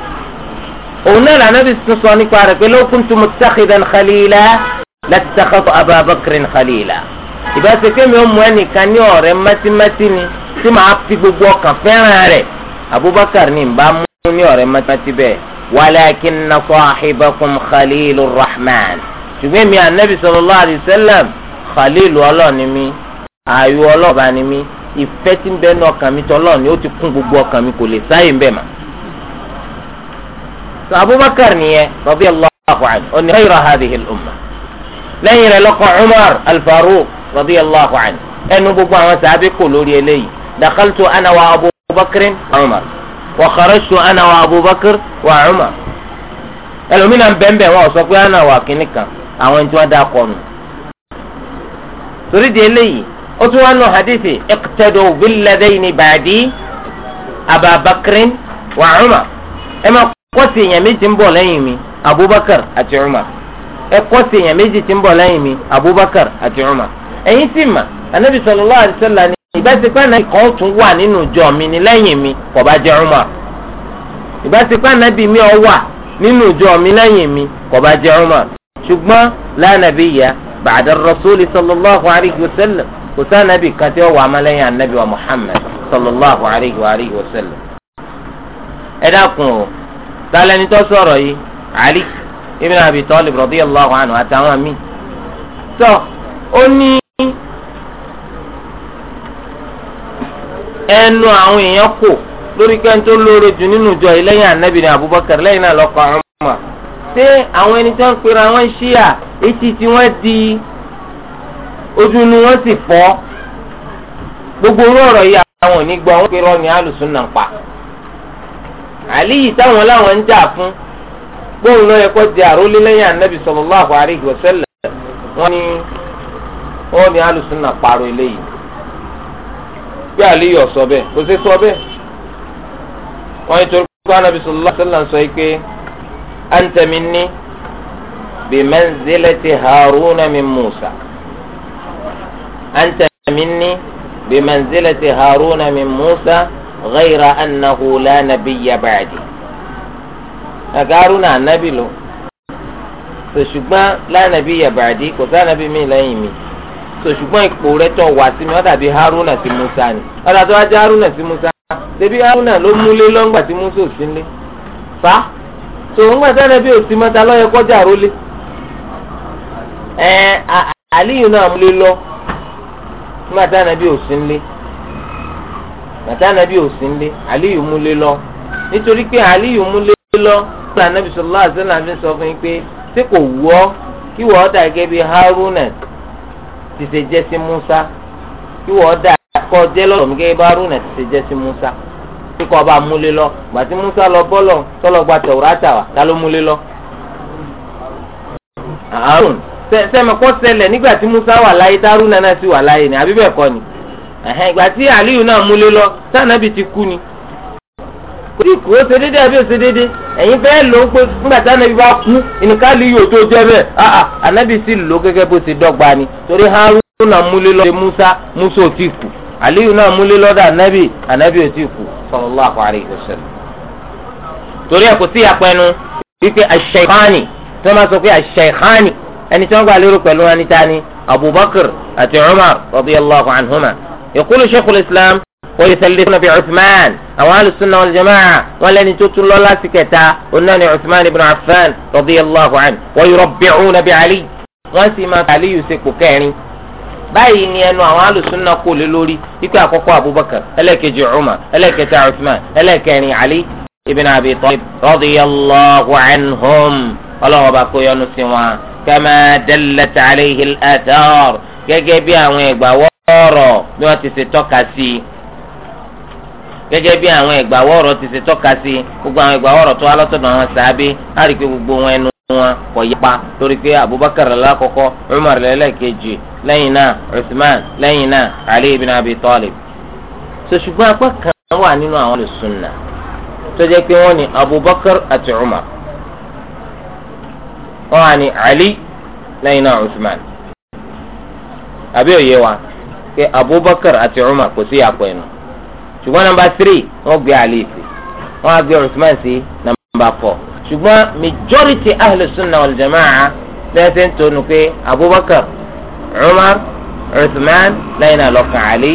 òun náà lànà bí sísọ nípa rẹ̀ pé law kuntu muttakhidan khalila lattakhadhtu Aba Bakrin khalila. ìbáṣe pé mi ò mú ẹnìkan ní ọ̀rẹ́ mẹ́tímẹ́tí ni tí màá fi gbogbo ọkàn fẹ́ràn rẹ̀ Abubakar ni bá mú ní ọ̀rẹ́ mẹ́tímẹ́tí bẹ́ẹ̀ walakinna sahibakum khalilur rahman ṣùgbọ́n mi ànábì sallallahu alayhi wa sallam khalilu ọlọ́ọ̀ni mi ààyò ọlọ́ọ̀bá ni mi ìfẹ́ tí ń bẹ ní ọkàn mi tọ́lọ́ ni ó ti kún gbogbo ọkàn mi kò lè sáyè ń bẹ̀ mà. sọ Abubakar nìyẹn radiyallahu anhu ó ní khayra hadhihi al-umma lẹ́yìn rẹ̀ lọ́kàn Umar al-Faruq radiyallahu anhu ẹnu gbogbo àwọn sàbí kò lórí eléyìí dakhaltu ana Abubakar wa Umar wa kharajtu Abubakar wa Umar ẹlòmínà bẹ́ẹ̀nbẹ́ẹ̀ wọn sọ pé ana wà àwọn ẹni tí kọ́ nù. torí di eléyìí ó tún wá nù hadithi iqtadu billadayni ba'di ababakrin wa umar ẹ máa kọ́sì èèyàn méjì ń bọ̀ lẹ́yìn mi abubakar àti umar ẹ kọ́sì èèyàn méjì ti ń bọ̀ lẹ́yìn mi abubakar àti umar ẹ̀yin sì mà anabi sallallahu alaihi wasallam ni ìbáṣepọ̀ anabi kan tún wà nínú ìjọ mi ní lẹ́yìn mi kò bá jẹ́ umar ìbáṣepọ̀ anabi mi ọ wà nínú ìjọ mi lẹ́yìn mi kò bá jẹ́ umar ṣùgbọ́n la nabiyya ba'da ar kò sí anabi kan tí ó wà amalẹ́yìn anabi wa muhammed sallallahu alayhi wa alayhi wa sallam. ẹ dákun o talẹ́ni tó sọ̀rọ̀ yìí ali ibn abi talib radiyallahu anhu àtàwọn míì. tọ́ ó ní ẹnu àwọn èèyàn kò lórí pé lóore jù nínú ìjọ yìí anabi ni abubakar lẹ́yìn náà lọ́kọ̀ ọmọ. ṣé àwọn ẹni tó ń pera wọn ṣíyà etí tí wọ́n di. ojú inú wọn sì fọ́ gbogbo orú ọ̀rọ̀ yìí àwọn òní gbọ́ wọn pé ni náà pa àlíyìí táwọn láwọn ń jà fún gbóhùn lọ yẹ di àrólé lẹ́yìn anabi sallallahu alaihi wasallam wọ́n ní wọ́n ní alùsùn náà parọ́ eléyìí bí àlíyìí ọ̀sọ́ bẹ́ẹ̀ kò sí sọ bẹ́ẹ̀ wọ́n ní torí pé anabi sallallahu alaihi wasallam sọ musa. anta minni bi manzilati haruna min musa ghayra annahu la nabiyya ba'di. àga haruna anabi lò so ṣùgbọ́n la nabiyya ba'di kò sí anabi mi lẹ́yìn mi so ṣùgbọ́n ipò rẹ̀ tó wà sí mi ó dàbí haruna sí musa ni ó dàbí wájú haruna sí musa débi haruna ló múlé lọ́ngbà tí musa ò sí nílé fa so ńgbà tí anabi ò sí mọ́ta lọ́yẹ kọjá rólé ẹ̀ aliyu náà múlé lọ́ọ́ nígbà tá ànábì ò sí nlé nàtà ànábì ò sí nlé Aliyu múlé lọ nítorí pé Aliyu múlé lọ nígbà ànábì sọlá àzẹlà fi sọ fún yín pé ṣé kò wù ọ́ kí wọ́n dà gẹ́gẹ́ bí Haruna ti ṣe jẹ́ sí Musa kí wọ́n dà kọ́ jẹ́ lọ́dọ̀ mi gẹ́gẹ́ bí Haruna ti ṣe jẹ́ sí Musa kíkọ́ ọba múlé lọ gbàtí Musa lọ bọ́lọ̀ tọ́lọ́gba tẹ̀wúrátà wa ta ló múlé lọ. Harun sẹ́mi kọ́ ṣẹlẹ̀ nígbà tí Musa wà láyé tárú nana sí wà láyé ni àbí ni ìgbà tí Aliyu náà múlé ti kú ni kò tí kò deede, ṣe déédéé àbí ṣe déédéé ẹ̀yin fẹ́ lò ó pé nígbà tí anabi bá kú ìníká Aliyu tó jẹ́ bẹ́ẹ̀ aa anabi sì lò gẹ́gẹ́ bó ṣe dọ́gba ni torí Haruna múlé Musa Musa ò tí kú Aliyu náà anabi anabi ò tí kú torí ẹni tí wọ́n gbà lérò pẹ̀lú wọn níta ni abubakar àti umar radiyallahu anhuma yaqulu sheikhul islam wa yusallifuna bi uthman àwọn alùsùnà wal jamaa wọn lẹni tó tún lọ́lá sí kẹta onáni uthman ibn affan radiyallahu anhu wa yurabbi'una bi ali wọ́n sì máa aliyu sepò kẹrin báyìí ni ẹnu àwọn alùsùnà kò lé lórí ikú àkọ́kọ́ abubakar ẹlẹ́kejì umar ẹlẹ́kẹta uthman ẹlẹ́kẹrin ali ibn abi talib radiyallahu anhum ọlọ́run ọba kó yọ́nú sí wọn kama dallat alayhi al-athar gẹ́gẹ́ bí àwọn ẹgbà wọ́ọ̀rọ̀ bí wọ́n ti ṣe tọ́ka sí gẹ́gẹ́ bí àwọn ẹgbà wọ́ọ̀rọ̀ ti ṣe tọ́ka sí gbogbo àwọn ẹgbà wọ́ọ̀rọ̀ tó alọ́tọ̀dọ̀ àwọn sàábé á rí i pé gbogbo wọn ẹnu wọn kò yapa lórí pé abubakar lákọ̀ọ́kọ́ umar lẹ́lẹ́kejì lẹ́yìn náà usman lẹ́yìn náà ali ibn abi talib. sòṣùgbọ́n apá kan wà nínú àwọn olùsùnà tó jẹ́ pé wọ́n ní abubakar àti umar wọn wà ní ali lẹ́yìn náà usman àbí òye wa pé abubakar àti umar kò sí àpò ẹnu ṣùgbọ́n nọ́mbà tírì wọ́n gbé ali sí wọ́n á gbé usman sí nọ́mbà fọ ṣùgbọ́n majority ahlu sunna wal jamaa bẹ́ẹ̀ ṣe ń tonu pé abubakar umar usman lẹ́yìn náà lọ́kàn ali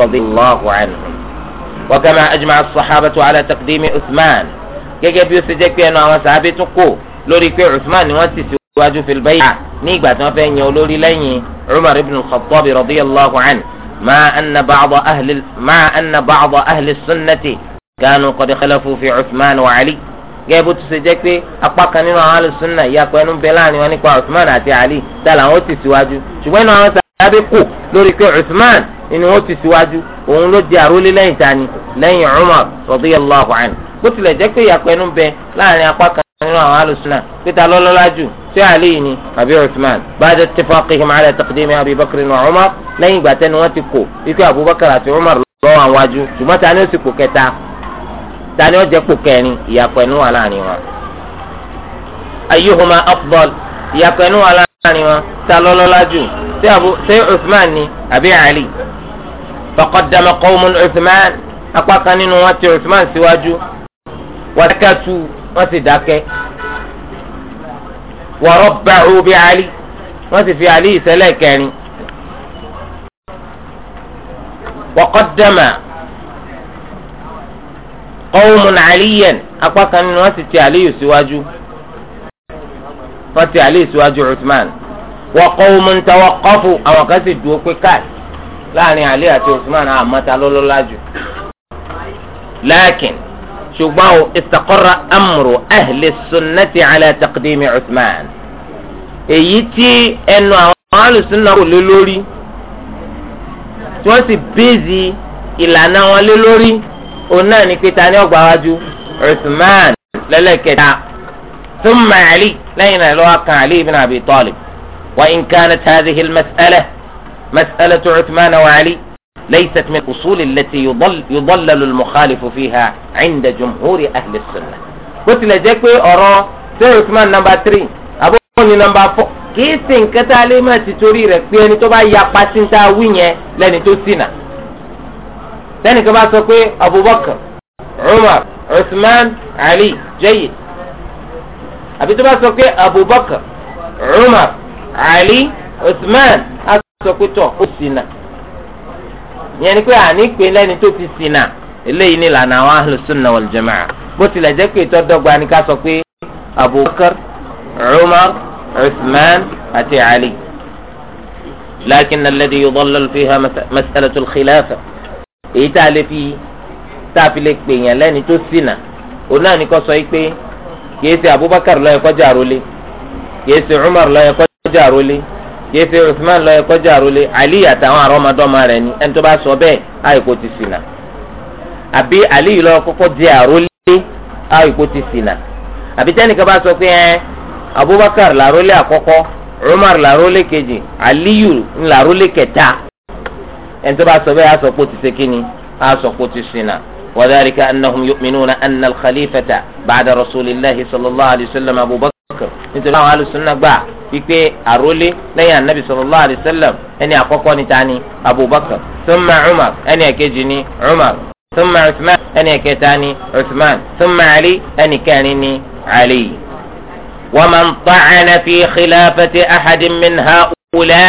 radiyallahu anhu wa kama ajma'a as-sahabatu ala taqdimi usman gẹ́gẹ́ bí ó ṣe jẹ́ pé ẹnu àwọn sàábẹ́ tún kò lórí pé Uthman ni wọ́n sì síwájú fil bay'a ní ìgbà tí wọ́n fẹ́ yan olórí lẹ́yìn Umar ibn al-Khattab radiyallahu anhu ma anna ba'da ahli ma anna ba'da ahli sunnati kanu qad khalafu fi Uthman wa Ali gẹ́gẹ́ bó ti ṣe jẹ́ pé apá kan nínú àwọn alùsùnà ìyapọ̀ ẹnu bẹ láàrin wọn nípa Uthman àti Ali dá làwọn ó ti síwájú ṣùgbọ́n inú àwọn sábẹ́ kù lórí pé Uthman ni wọ́n ti síwájú òun ló di àrólé lẹ́yìn tani lẹ́yìn Umar radiyallahu anhu bó tilẹ̀ jẹ́ pé ìyapọ̀ ẹnu bẹ láàrin apá kan nínú àwọn alùsùlà pété alọ́lọ́lá jù tí ali ni àbí usman ba'da ittifaqihim ala taqdimi abubakar wa umar lẹ́yìn ìgbà tẹ́ni wọ́n ti kó wípé abubakar àti umar lọ́wọ́ àwọn wájú ṣùgbọ́n ta ni ó sì kó kẹta ta ni ó jẹ́ kó kẹrin ìyàpọ̀ ẹnu wà láàrin wọn. ayyuhuma afdal ìyàpọ̀ ẹnu wà láàrin wọn ta lọ́lọ́lá jù tí usman ni àbí ali. faqaddama qawmun usman apá nínú wọn ti usman síwájú wàtí wọ́n sì dákẹ́ wọ́rọ́ bá obi ali wọ́n sì fi ali ìsẹ́lẹ̀ kẹrin wọ́kọ́dẹ́mà qawmun aliyan apá kan nínú wọ́n sì ti aliyu síwájú wọ́n ti aliyu síwájú usman wa qawmun tawaqqafu àwọn kan sì dúró pé káàdì láàrin ali àti usman àmọ́ta lọ́lọ́lá jù lakin. شوفوا استقر أمر أهل السنة على تقديم عثمان إيتي أنه أهل السنة للوري توسي بيزي الى أنه للوري وناني كتاني أقبارجو عثمان للك ثم علي لين الواقع علي بن أبي طالب وإن كانت هذه المسألة مسألة عثمان وعلي ليست من الأصول التي يضل يضلل المخالف فيها عند جمهور أهل السنة bó tilẹ̀ jẹ́ pé ọ̀rọ̀ ṣé Usman nọmba three àbúrò ní nọmba four kìí sì ń kẹta lé mọ́ ti torí rẹ̀ pé ẹni tó bá ya pàṣíntà wí yẹn lẹ́ni tó ṣìnà tẹ́nìkan bá sọ pé Abubakar Umar Usman Ali jẹ́yìí àbí tó bá sọ pé Abubakar Umar Ali Usman á sọ pé tọ̀ ó ṣìnà ìyẹn ni pé àní pé lẹ́ni tó ti ṣìnà eléyìí ni lànà àwọn ahlu sunna wal jamaa bó tilẹ̀ jẹ́ pé ìtọ́dọ́gba ni ká sọ pé abubakar umar usman àti ali lakin alladhi yudallal fiha mas'alatul khilafa èyí tá a lè fi tá a fi lè pè yàn lẹ́ni tó ṣìnà òun náà ni kò sọ pé kìí ṣe abubakar ló yẹ kó kìí ṣe umar ló yẹ kó kìí ṣe Usman lọ ẹkọ jẹ àròlé Ali àtàwọn àrọmọdọ́mọ rẹ̀ ni ẹni tó bá sọ bẹ́ẹ̀ àìkú ti ṣìnà àbí Ali lọ kọ́kọ́ jẹ àròlé àìkú ti ṣìnà àbí tẹnìkan bá sọ pé ẹ Abubakar làròlé àkọ́kọ́ Umar làròlé kejì Aliyu làròlé kẹta ẹni tó bá sọ bẹ́ẹ̀ àsọpọ ti ṣe àsọpọ ti ṣìnà. وذلك أنهم يؤمنون أن الخليفة بعد رسول الله صلى الله عليه وسلم أبو بكر nítorí àwọn alùsùn náà gbà ipe àrólé lẹ́yìn anabi sallallahu alayhi wasallam ẹni àkọ́kọ́ ni ta ni abubakar thumma umar ẹni ẹ̀kejì ni umar thumma usman ẹni ẹ̀kẹta ni usman thumma ali ẹni kẹrin ni ali. waman ta'ana fi khilafati ahadin min ha'ula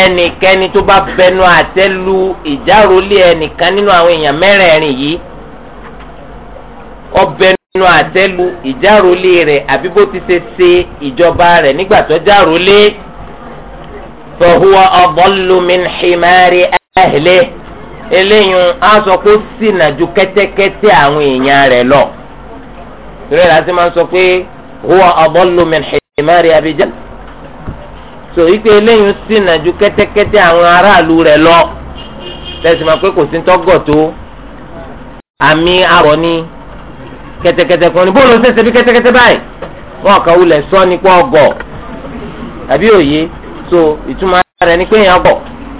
ẹnikẹ́ni tó bá bẹnu àtẹ́lu ìjárólé ẹnìkan nínú àwọn èèyàn mẹ́rẹ̀ẹ̀rin yìí ọbẹ̀ nínú àtẹ́lu ìjárólé rẹ̀ àbí bó ti ṣe ṣe ìjọba rẹ̀ nígbà tó járólé fahuwa adallu min himari ahli á sọ pé ṣìnà ju kẹ́tẹ́kẹ́tẹ́ àwọn èèyàn rẹ̀ lọ. ìrẹ́ máa ń sọ huwa adallu min abijan. sọ wípé eléyìí ṣìnà ju kẹ́tẹ́kẹ́tẹ́ àwọn aráàlú rẹ̀ lọ. tẹ̀sí máa pé kò sí tọ́gọ̀ tó àmì àrọ̀ ni. kẹtẹkẹtẹ kan ní bóòlù ṣẹṣẹ bí kẹtẹkẹtẹ báyìí wọn kà wulẹ̀ sọ nípa ọgọ̀ àbí òye so ìtumọ̀ rẹ̀ ni pé èèyàn gọ̀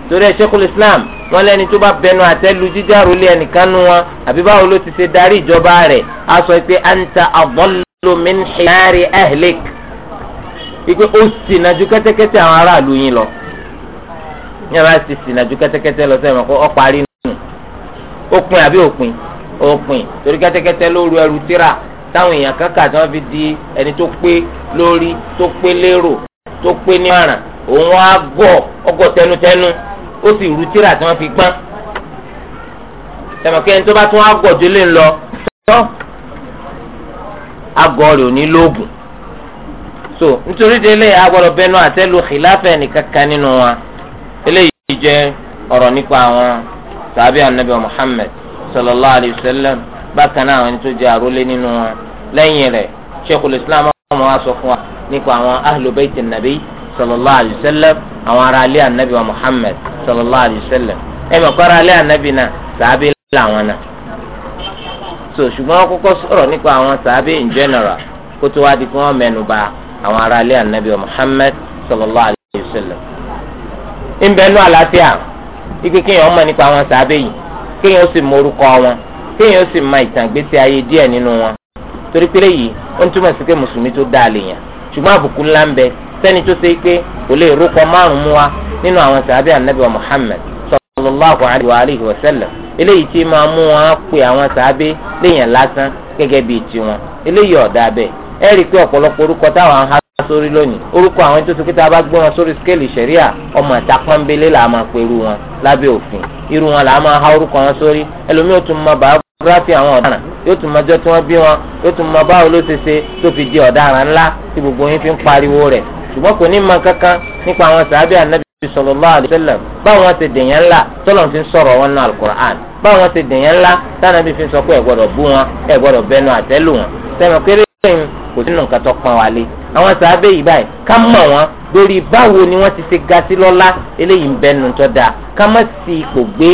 torí ẹ̀ Sheikhul Islam wọn lẹ́ni tó bá bẹnu àtẹ́lu jíjàrú lé ẹnìkan nu wọn àbí báwo ló ti ṣe darí ìjọba rẹ̀ á sọ pé anta adallu min himari ahlik ipe ó sìnàjú kẹ́tẹ́kẹ́tẹ́ àwọn aráàlú yín lọ yàrá ti sìnàjú kẹ́tẹ́kẹ́tẹ́ lọ sẹ́yìn mọ́ kó ọ parí nù ó pin àbí òpin òpin torí kẹ́tẹ́kẹ́tẹ́ ló ru ẹrù tíra táwọn èèyàn kankan tí wọ́n fi di ẹni tó pé lórí tó pé lérò tó pé ní ọ̀ràn òun á gọ̀ ọgọ̀ tẹnutẹnu ó sì ru tíra tí wọ́n fi gbọ́n tẹmọkẹ́ni tó bá tún á gọ̀ délé ńlọ tọ́ agọ̀ rẹ̀ ò ní lóògùn so nítorí délé agbọ́dọ̀ bẹnu àtẹ́lu xìláfẹ́ nìkankan nínú wa eléyìí jẹ́ ọ̀rọ̀ nípa àwọn sàbí anabi Muhammad sallallahu alayhi wa sallam bákan náà àwọn ẹni tó jẹ́ àrólé nínú wọn lẹ́yìn rẹ̀ sheikhul islam ọmọ wa sọ fún wa nípa àwọn ahlu bayti nabi sallallahu alayhi wa sallam àwọn ará alẹ́ anabi wa muhammad sallallahu alayhi wa sallam ẹ mọ̀ kọ́ra alẹ́ anabi náà sàábì làwọn náà so ṣùgbọ́n wọ́n kọ́kọ́ sọ̀rọ̀ nípa àwọn sàábì in general kó tó wá di kí wọ́n mẹ́nu bà àwọn ará alẹ́ anabi wa muhammad sallallahu alayhi wa sallam ń bẹ́ẹ̀ nú àlàáfíà ikú kéèyàn mọ̀ nípa àwọn sàábì yìí kéèyàn ó sì mọ orúkọ wọn kéèyàn ó sì ma ìtàn gbèsè ayé díẹ̀ nínú wọn torí pé yìí ó ń túmọ̀ sí pé mùsùlùmí tó dáa lè yàn ṣùgbọ́n àbùkù ńlá ń bẹ sẹ́ni tó ṣe pé kò lè rúkọ márùn-ún mú wa nínú àwọn sàbí ànábì alayhi eléyìí tí máa mú wọn pe àwọn lásán gẹ́gẹ́ bíi tiwọn eléyìí ọ̀dà bẹ́ẹ̀ pé ọ̀pọ̀lọpọ̀ orúkọ sórí lónìí orúkọ àwọn tó ti pé tá a bá gbé wọn sórí skéèlì sẹ̀ríà ọmọ àta pọ́nbélé là á máa pe irú wọn lábẹ́ òfin irú wọn là á máa ha orúkọ wọn sórí ẹlòmíì ó tún mọ bàágráfì àwọn ọ̀daràn yóò tún mọjọ́ tí wọ́n bí wọn yóò tún mọ báwo ló ṣe ṣe tó fi di ọ̀daràn ńlá tí gbogbo yín fi ń pariwo rẹ̀ ṣùgbọ́n kò ní mọ kankan nípa àwọn sàábẹ́ ànábì sallallahu alaihi wasallam báwọn báwọn ti àwọn sàábẹ̀ yìí báyìí ká mọ̀ wọn lórí báwo ni wọ́n ti ṣe ga sí lọ́lá eléyìí ń bẹnu tó dáa ká má sì ipò gbé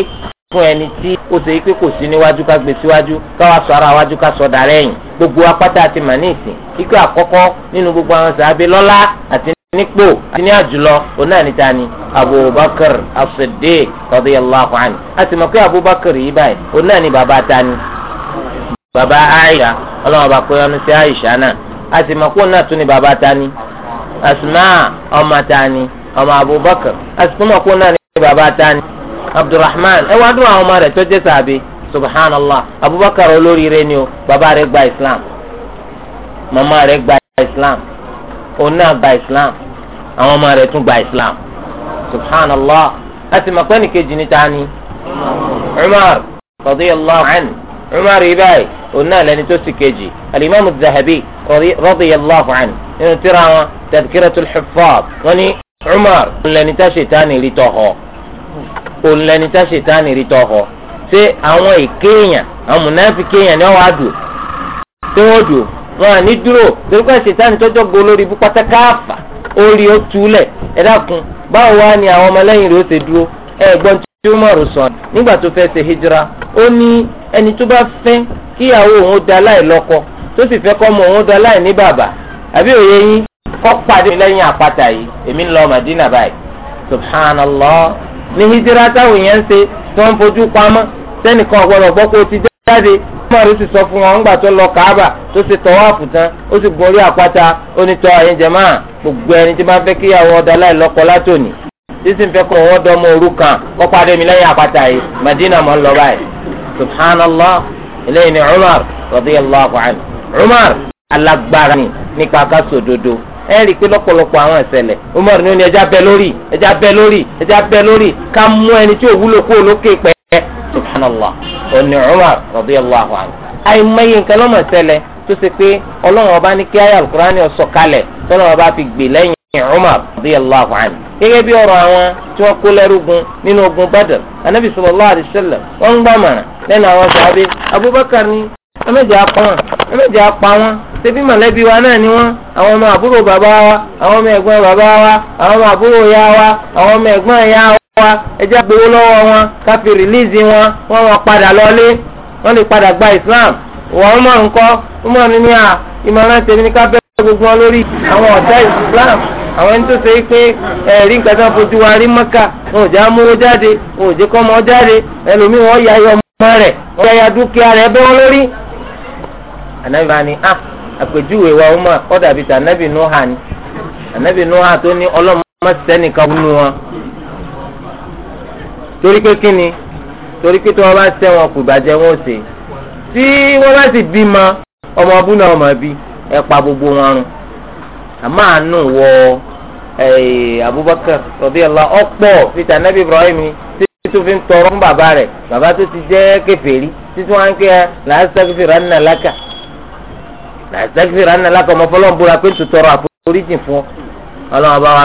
fún ẹni tí ó ṣe yí pé kò sí níwájú ká gbé síwájú ká wá sọ ara wájú ká sọ dàrẹ́ yìn gbogbo apáta àti mà ní ìsìn ikú àkọ́kọ́ nínú gbogbo àwọn sàábẹ̀ lọ́lá àti nípò àti ní àjùlọ oná níta ni Abubakar as-Siddiq radiyallahu anhu àti mọ̀ pé Abubakar yìí báyìí oná bàbá ta ni bàbá Aisha ọlọ́run bá pé ọ́nù a sì mọ̀ kó náà tún ni bàbá ta ni asuma ọmọ ta ni ọmọ abubakar a sì tún mọ̀ kó náà ni bàbá ta ni abdulrahman ẹ wá dún àwọn ọmọ rẹ̀ tó jẹ́ sàbí subhanallah abubakar olóríire ni o bàbá rẹ̀ gba islam màmá rẹ̀ gba islam òun náà gba islam àwọn ọmọ rẹ̀ tún gba islam subhanallah a sì mọ̀ pé ni ta ni umar radiyallahu anhu umar ibà òun náà lẹni tó sì kejì alimami zahabi radiyallahu anhu nínú tíra wọn tadhkiratul huffaz wọn ni Umar ònlẹ́ni tá ṣètánì rí tọ̀họ̀ ònlẹ́ni tá ṣètánì rí tọ̀họ̀ ṣé àwọn èkéèyàn àwọn mùnáfíkéèyàn ni wọ́n á dùn tí wọ́n dùn wọn à ní dúró torí pé ṣètánì tọ́jọ́ gbó lórí ibú pátákáàfà ó rí ó túlẹ̀ ẹ dákun báwo wá ni àwọn ọmọlẹ́yìn rẹ̀ ó ṣe dúró ẹ gbọ́n tí Umar sọ nígbà tó fẹ́ ṣe hijira ó ní ẹni tó bá fẹ́ kíyàwó òun da láì lọ́kọ tó sì fẹ́ kọ́ mọ òun dọ́ láì ní bàbá àbí òye yín kọ́ pàdé lẹ́yìn àpáta yìí èmi ń lọ Madina báyìí subhanallah ní hijira táwọn èèyàn ń ṣe tó ń fojú pamọ́ sẹ́nìkan ọ̀gbọ́dọ̀ gbọ́ pé ó ti jáde sì sọ lọ Kaaba tó ó sì gun orí àpáta ó ní tọ́ ẹ̀yin jẹ̀mọ́ gbogbo ẹni tí máa fẹ́ ọ̀dà láì lọ́kọ látòní ń fẹ́ kọ́ kan kọ́ pàdé mi lẹ́yìn àpáta yìí Madina ń lọ báyìí subhanallah ni Umar Umar alagbara ni nípa ká sòdodo ẹ rí i pé lọ́pọ̀lọpọ̀ àwọn ìṣẹ̀lẹ̀ Umar ní ẹja bẹ lórí ẹja bẹ lórí ẹja bẹ lórí ká mú ẹni tí òwúlò kú olókè pẹ́ subhanallah Umar àìmọye nǹkan lọ́mọ ìṣẹ̀lẹ̀ tó ṣe pé ọlọ́run ọba ní kí ayé ni kalẹ̀ tọ́lọ́run ọba fi gbè lẹ́yìn Umar gẹ́gẹ́ àwọn tí wọ́n kó lẹ́rúgun nínú ogun Badr anabi sallallahu wọ́n ń gbàmọ̀ràn lẹ́nu àwọn sàbẹ̀ Abubakar ni apọ́n ẹ pa wọn ṣebí mọ̀lẹ́bí wa náà ni wọ́n àwọn ọmọ àbúrò bàbá wa àwọn ọmọ ẹ̀gbọ́n bàbá wa àwọn ọmọ àbúrò ya wa àwọn ọmọ ẹ̀gbọ́n ya wa ẹjẹ́ gbowó lọ́wọ́ wọn káfí rìlíìsì wọn wọ́n wọn padà lọ́lé wọ́n lè padà gba Islam wọ́n mọ̀ nkọ wọ́n mọ̀ nínú à ìmọ̀ràn tèmi ní káfẹ́ gbogbo wọn lórí àwọn Islam àwọn ẹni tó ṣe é pé ẹ̀rí nǹkan tó fojú anabi bá ah àpèjúwe wa ọmọ ọdà bíi anabi nuha ni anabi nuha tó ní ọlọ́mọ sẹ́nìkan wúnú wọn torí pé kí torí pé tí wọ́n bá sẹ́ wọn kù bàjẹ́ wọn ò sè tí bá sì bímọ ọmọ ọbú náà ọmọ bí ẹ pa gbogbo wọn run àmọ́ àánú wọ Abubakar ọ̀pọ̀ anabi Ibrahim tó fi ń tọrọ fún bàbá rẹ̀ bàbá tó ti jẹ́ títí wọn á ń làṣẹ́kìfìrà ńlá lákọ̀ ọmọ fọlọ́n búra pé tó tọrọ àforíjì fún ọlọ́run bá wa